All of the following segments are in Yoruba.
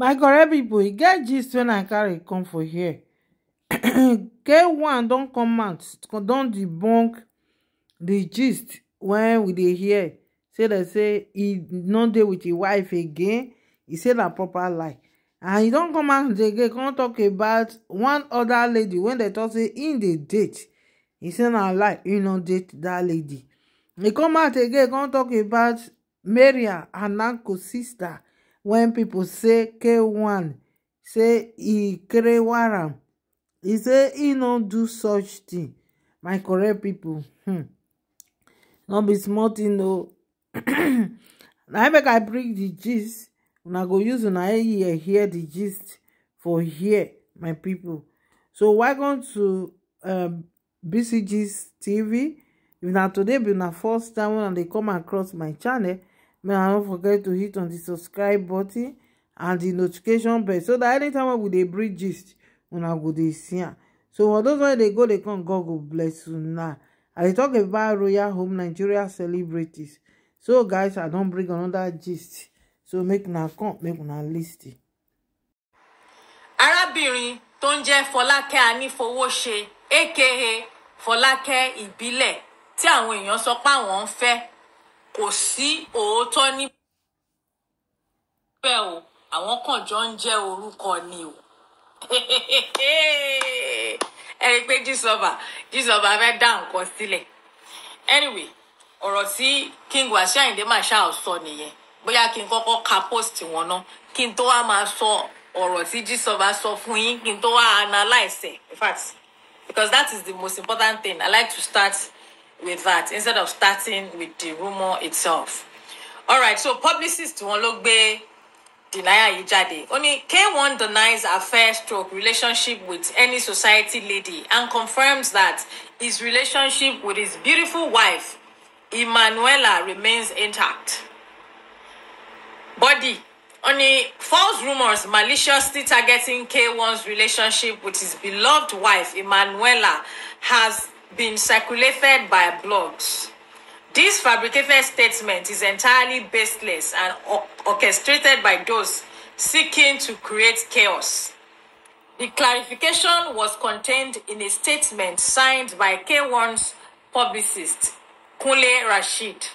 my correct people e get gist when i carry come for here k1 don't come out don debunk the gist when we dey hear say they say he not dey with his wife again He said na proper lie and he don't come out get come talk about one other lady when they talk say in the date He said na lie e no date that lady He come out again come talk about maria anako sister When people say k1 say he create am he say he no do such thing, my correct people, hmm no be small tin Now I make i bring the gist I go use una ear Here the gist for here my people. so welcome to um, bcg tv if na today be na first time when they come across my channel make i no forget to hit on the subscribe button and the notification bell so that anytime wey we dey bring gist una go dey see am so for those wey dey go dey come god go bless now. i dey talk about royal home nigeria celebrities so guys i don bring another gist so make una come make una list it. arábìnrin tó ń jẹ́ fọlákẹ́ anífowóṣe aka fọlákẹ́ ìbílẹ̀ tí àwọn èèyàn sọ pé àwọn ń fẹ́ kò sí òótọ́ níbẹ̀ o àwọn kan jọ ń jẹ́ orúkọ ni o ẹ rí i pé jísọba jísọba fẹ́ dá nǹkan sílẹ̀ anyway ọ̀rọ̀ tí King Wasiu Ayinde Marshal sọ nìyẹn bóyá kí n kọ́kọ́ ka post wọn ná kí n tó wá máa sọ ọ̀rọ̀ tí jísọba sọ fún yín kí n tó wá analyse ẹ̀ in fact because that is the most important thing I like to start with that instead of starting with the rumour itself alright so publicist wọn ló gbé denial yìí jáde K1 denies affair stroke relationship with any society lady and confirms that his relationship with his beautiful wife Emmanuela remains intact body ó false rumours maliciously targeting K1's relationship with his beloved wife Emmanuela has been circulated by blogs. This fabricated statement is entirely baseless and orchestrated by those seeking to create chaos. The clarification was contained in a statement signed by K1's publicist, Kule Rashid.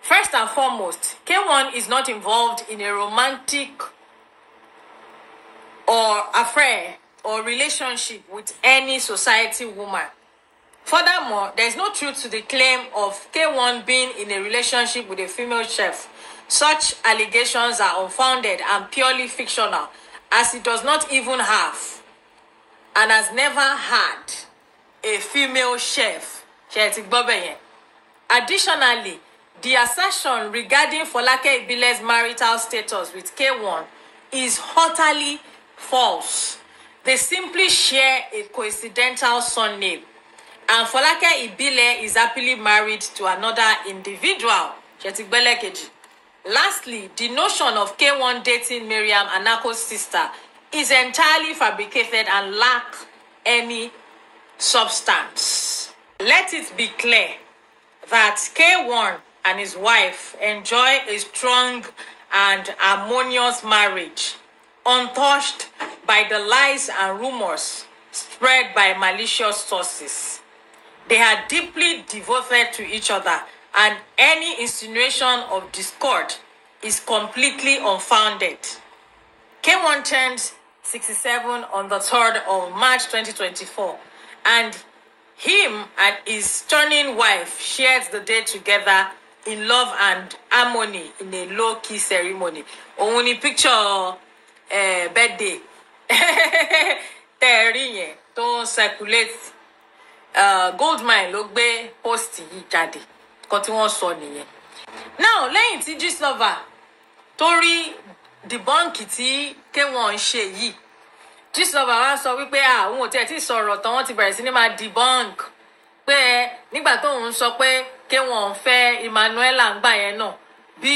First and foremost, K1 is not involved in a romantic or affair or relationship with any society woman. Furthermore, there is no truth to the claim of K1 being in a relationship with a female chef. Such allegations are unfounded and purely fictional, as he does not even have and has never had a female chef. Additionally, the assertion regarding Folake Ibile's marital status with K1 is utterly false. They simply share a coincidental surname and Fọlákẹ́ Ìbílẹ̀ is happily married to another individual Lastly, the notion of K1 dating Miriam Anako's sister is entirely fabricated and lack any substance. Let it be clear that K1 and his wife enjoy a strong and harmonious marriage, untouched by the lies and rumors spread by malicious sources. They are deeply devoted to each other, and any insinuation of discord is completely unfounded. K1 turned 67 on the 3rd of March 2024, and him and his stunning wife shared the day together in love and harmony in a low-key ceremony. Òun ni picture eh, birthday tẹ́ ẹ rí yẹn circulate uh, Goldmine ló gbé post yìí jáde kan tí wọ́n sọ nìyẹn now lẹ́yìn tí Gistlover tó rí dìbọ́ǹkì tí K1 ń ṣe yìí Gistlover wá sọ wípé àwọn òtí ẹ̀ tí sọ̀rọ̀ tán wọ́n ti bẹ̀rẹ̀ sí ní máa dìbọ́ǹkì pé nígbà tóun sọ pé K1 fẹ́ Emmanuela ń yẹn náà bí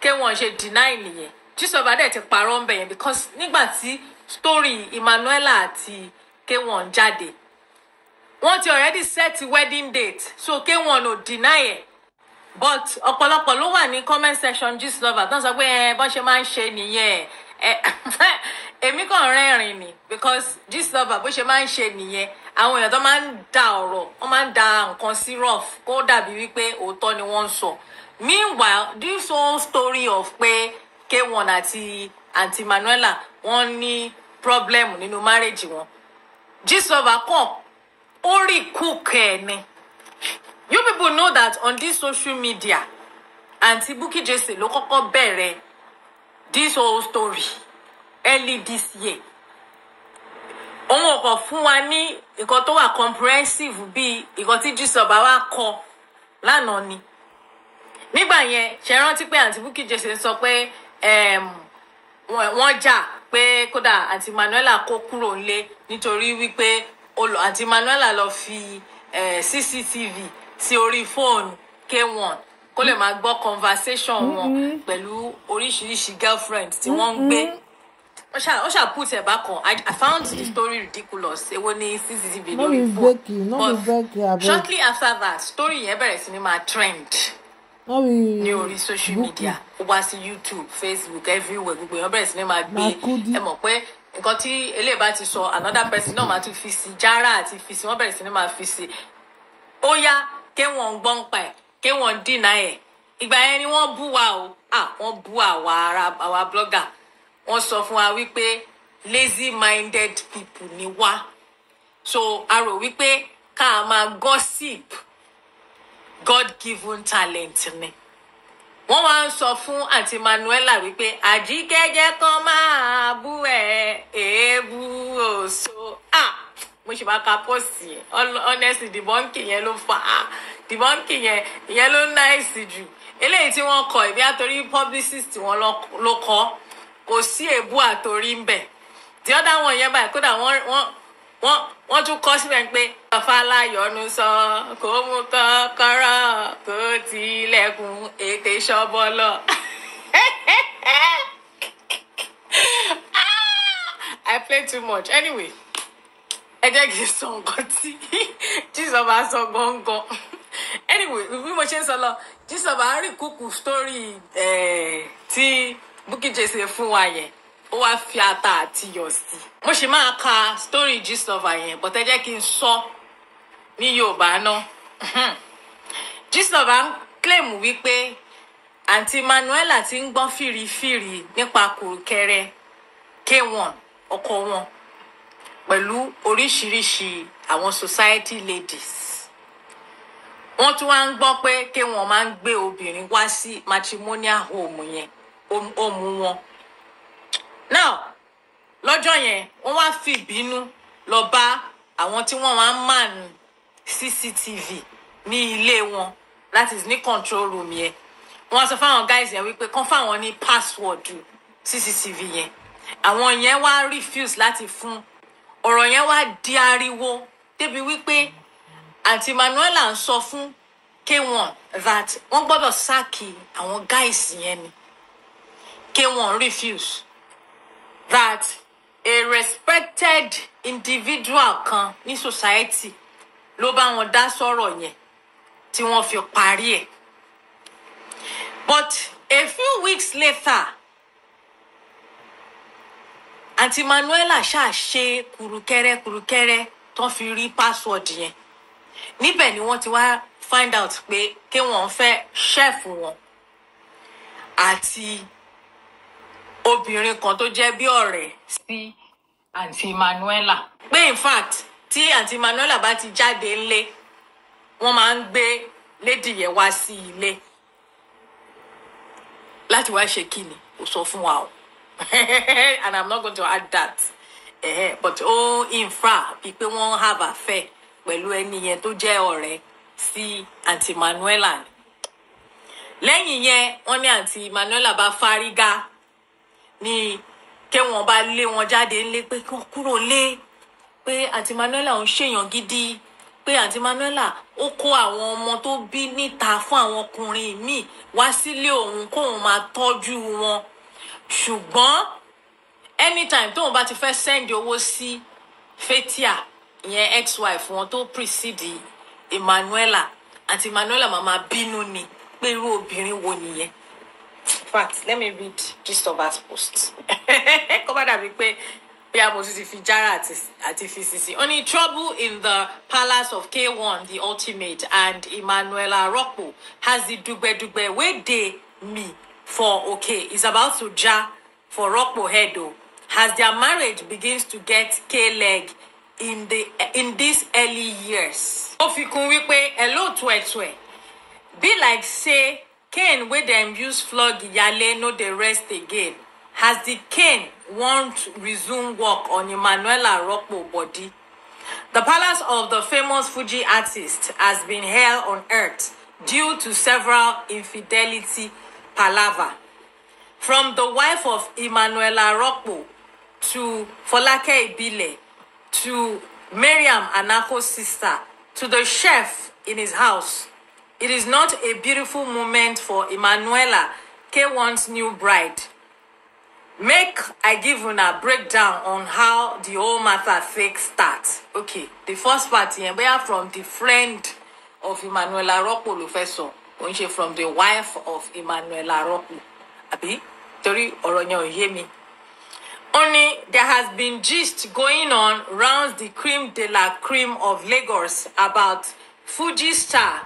k ṣe deny nìyẹn Gistlover dẹ̀ ti parọ́ ń bẹ̀yẹn because nígbà tí story Emmanuel àti K1 jáde wọ́n ti already set wedding date so kéwọn ò deny ẹ̀ but ọ̀pọ̀lọpọ̀ ló wà ní comment section gist lover tó ń sọ pé ẹ eh, bọ́n ṣe máa ń ṣe nìyẹn ẹ eh, èmi kàn rẹ́rìn ni because gist lover bó ṣe máa ń ṣe nìyẹn àwọn èèyàn tó máa ń da ọ̀rọ̀ wọ́n máa ń da nǹkan sí rough kó dàbí wípé òótọ́ ni wọ́n ń sọ meanwhile this whole story of pé k1 àti aunty manuela wọ́n ní problem nínú marriage wọn gist lover kàn ó rí kúkẹ́ ẹ̀ ni you people know that on this social media àǹtí Bukky Jesse ló kọ́kọ́ bẹ̀rẹ̀ this whole story early this year òun ò kàn fún wa ní nǹkan tó wà comprehensive bíi nǹkan tí jesus ọba wa kọ lánàá ni nígbà yẹn ṣe rántí pé àǹtí Bukky Jesse sọ pé ehm, wọ́n jà pé kódà àǹtí Manuela kó kúrò nílé nítorí wípé àǹtí Manuela lọ fi eh, CCTV sí orí fóònù K1 kó lè máa gbọ́ conversation wọn pẹ̀lú oríṣiríṣi girlfriend tí wọ́n ń gbé ó ṣà ó ṣà put ẹ̀ bákan I, I found the story ridiculous èwo ni CCTV lórí fóònù but shortly after that story yẹn bẹ̀rẹ̀ sí ni máa trend ní orí social media ó wá sí YouTube Facebook everywhere gbogbo èèyàn bẹ̀rẹ̀ sí ni máa gbé ẹ mọ̀ pé nǹkan tí eléyìí bá ti sọ another person náà máa tún fi sí jára àti fi sí wọ́n bẹ̀rẹ̀ sí ni máa fi sí ó yá kéwọn ń gbọ́n pa ẹ̀ kéwọn ń dínà ẹ̀ ìgbà yẹn ni wọ́n bú wa o wọ́n bú àwa ara àwa blogger wọ́n sọ fún wa wípé lazy minded people ni wá so a rò wípé ká máa gossip god given talent ni wọ́n wá ń sọ fún àǹtí Manuela wípé àjíkẹ́jẹ́ kan máa bú ẹ̀ èébú òṣò mo ṣì máa ka pọ́ọ̀sì yẹn honestly dìbọ́ǹkì yẹn ló fà The dìbọ́ǹkì yẹn ìyẹn ló náìsì jù eléyìí tí wọ́n kọ ìbí àtòrí publicist wọn ló kọ kò sí èébú àtòrí ń bẹ̀ the other one yẹn báyìí kódà wọ́n wọ́n tún kọ́ síbẹ̀ pé ọ̀fàlàyọ̀nù sọ kó mú kọ́kọ́rọ́ kó tilẹ̀kùn ètè ṣọ́bọ́lọ̀. Ah! I play too much anyway ẹ jẹ́ kí n sọ nǹkan tí jísọ̀ bá sọ gbọ̀ngàn anyway bí mo ṣe ń sọ lọ jísọ̀ bá rí kúkú sítórì eh, tí Bukky Jesse fún wa yẹn ó wá fi ata àti yọ̀ sí mo ṣe máa ka story gist of àyẹn bọ́tẹ́ jẹ́ kí n sọ ní yorùbá náà gist of à ń claim wípé àǹtí manuela ti ń gbọ́n fìrìfìrì nípa kùrùkẹrẹ k1 ọkọ wọn pẹ̀lú oríṣiríṣi àwọn society ladies wọ́n tún wá ń gbọ́ pé k1 máa ń gbé obìnrin wá sí matrimonial home yẹn home wọn now lọ́jọ́ yẹn wọ́n wá fi ìbínú lọ bá àwọn tí wọ́n wá ń màn cctv ní ilé wọn that is ní control room yẹn wọ́n sọ fáwọn guys yẹn wípé kán fáwọn ní password cctv yẹn àwọn yẹn wá refuse láti fún ọ̀rọ̀ yẹn wá di ariwo débi wípé àǹtí manuela ń sọ fún k1 that wọ́n gbọ́dọ̀ sáàkì àwọn guys yẹn ni k1 refuse that a respected individual kan ní society ló bá wọn dá sọ̀rọ̀ yẹn tí wọ́n fi parí ẹ̀ but a few weeks later àǹtí Manuela ṣáà ṣe kùrùkẹrẹ kùrùkẹrẹ tán fi rí password yẹn níbẹ̀ ni wọ́n ti wá find out pé kí wọ́n fẹ́ ṣẹ́ẹ̀fù wọn àti obìnrin kan tó jẹ́ bí ọ̀rẹ́ sí àǹtí Manuela pé in fact tí àǹtí Manuela bá ti jáde ńlé wọ́n máa ń gbé lédì yẹn wá sí ilé láti wá ṣe kí kò sọ fún wa o and i'm not going to add that eh, but ó oh, infra bíi pé wọ́n have affair pẹ̀lú ẹni yẹn tó jẹ́ ọ̀rẹ́ sí àǹtí Manuela lẹ́yìn yẹn wọ́n ní àǹtí Manuela bá fárígá ní kẹ́wọ̀n bá lé wọn jáde ńlé pé kí wọ́n kúrò lé pé àǹtí Manuela ń ṣèyàn gidi pé àǹtí Manuela ó kó àwọn ọmọ tó bí níta fún àwọn ọkùnrin míì wá sílé òun kóun máa tọ́jú wọn ṣùgbọ́n anytime tóun bá ti fẹ́ send owó sí Fatia ìyẹn ex-wife wọn tó precede Emmanuela àǹtí Manuela màmá bínú ni pé irú obìnrin wo nìyẹn fact let me read gist of her post kó má dàbí pé bí a mọ̀ sí ti fi jára àti fi sisi. ó trouble in the palace of K1 the ultimate and Emmanuela Rocco has the dùgbẹ̀dùgbẹ̀ wey dey me for okay is about to ja for Rocco head o as their marriage begins to get k-leg in the in these early years. ó fi kún wípé ẹ̀ lóòótọ́ ẹ̀ be like say cane wey dem use flog iyale no dey rest again as di cane wan resume work on emmanuel arokpo body the palace of the famous fuji artist has been hell on earth due to several infidelity palava from the wife of emmanuel arokpo to folake ibile to mariam anako's sister to the chef in his house It is not a beautiful moment for Emanuela, K1's new bride. Make I give una breakdown on how the whole matter fake starts? Okay, the first part here, we are from the friend of Emanuela Rocco Lufeso, Onche from the wife of Emanuela Roku. Abi, Tori Oronyo me. Only there has been gist going on rounds the cream de la cream of Lagos about Fuji star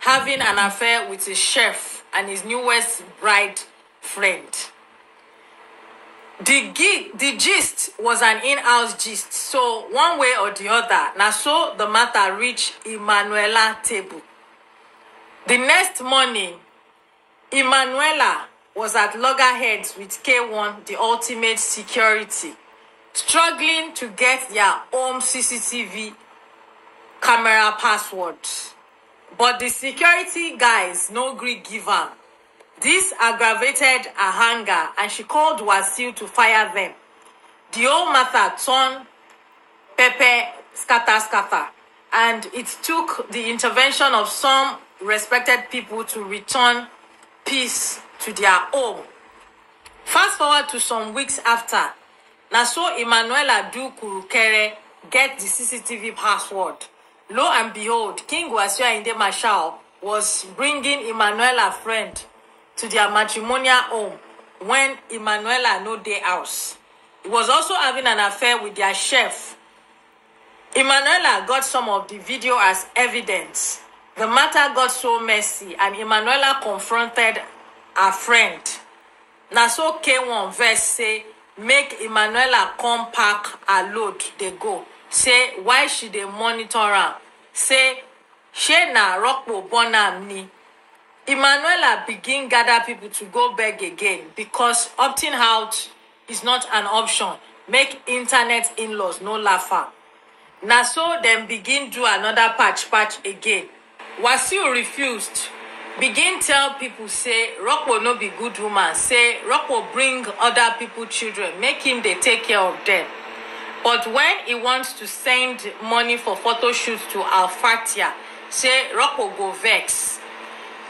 having an affair with a chef and his newest bride friend. The gig, the gist was an in-house gist. So one way or the other, now so the matter reached Emanuela table. The next morning, Emanuela was at loggerheads with K1, the ultimate security, struggling to get their home CCTV camera passwords but the security guys no gree give am dis aggravated her anger and she called wasil to fire them. The whole matter turn pepper scatter scatter and it took the intervention of some respected people to return peace to their home fast forward to some weeks after, na so emmanuela do kurukere get the cctv password Lo and behold, King Wasiwa Inde Mashal was bringing Emanuela friend to their matrimonial home when Emanuela no dey house. He was also having an affair with their chef. Emanuela got some of the video as evidence. The matter got so messy and Emanuela confronted her friend. Na so K1 verse say, make Emanuela come pack her load, they go say why she dey monitor am say shey na rọpò bornam ni emmanuela begin gather people to go beg again because opting out is not an option make internet inlaws no laugh am na so dem begin do another patch patch again wasiu refused begin tell people say rọpò no be good woman say rọpò bring other people children make him dey take care of them but when he wants to send money for photo shoot to alfatia say Rocco go vex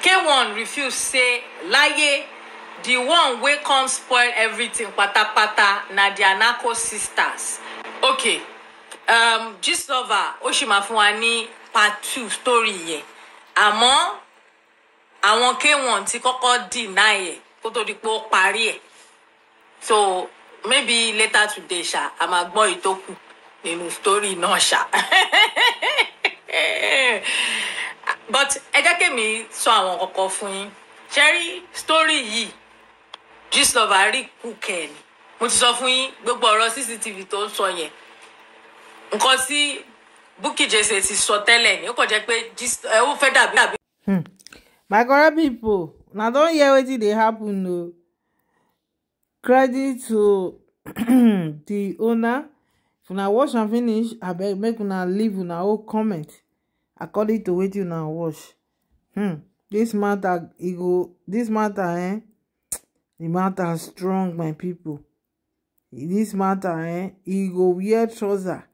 k1 refuse say láyé the one wey come spoil everything patapata na the anako sisters okay um, gist lover ó part two story yẹn àmọ́ àwọn k1 ti kọ́kọ́ deny ẹ̀ kó tó di pé ó parí ẹ̀ so maybe later today ṣá a máa gbọ́ ìtókù nínú story náà ṣá but ẹ jẹ́ kémi sọ àwọn kọ̀ọ̀kan fún yín ṣẹ́rí story yìí Gistlover rí kúkẹ́ ni mo ti sọ fún yín gbogbo ọ̀rọ̀ cctv tó ń sọ yẹn nǹkan tí Bukky Jesse ti sọ tẹ́lẹ̀ ni ó kàn jẹ́ pé ó fẹ́ dàbí. Hmm. my correct pipo na don hear wetin dey happen o. No credit to the owner if una wash and finish abeg make una leave una whole comment according to wetin una wash. hmm This matter e go dis matter eh The matter strong my people. This matter eh e go wear trouser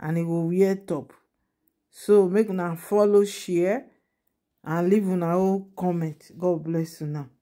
and e go wear top so make una follow share and leave una whole comment god bless you now.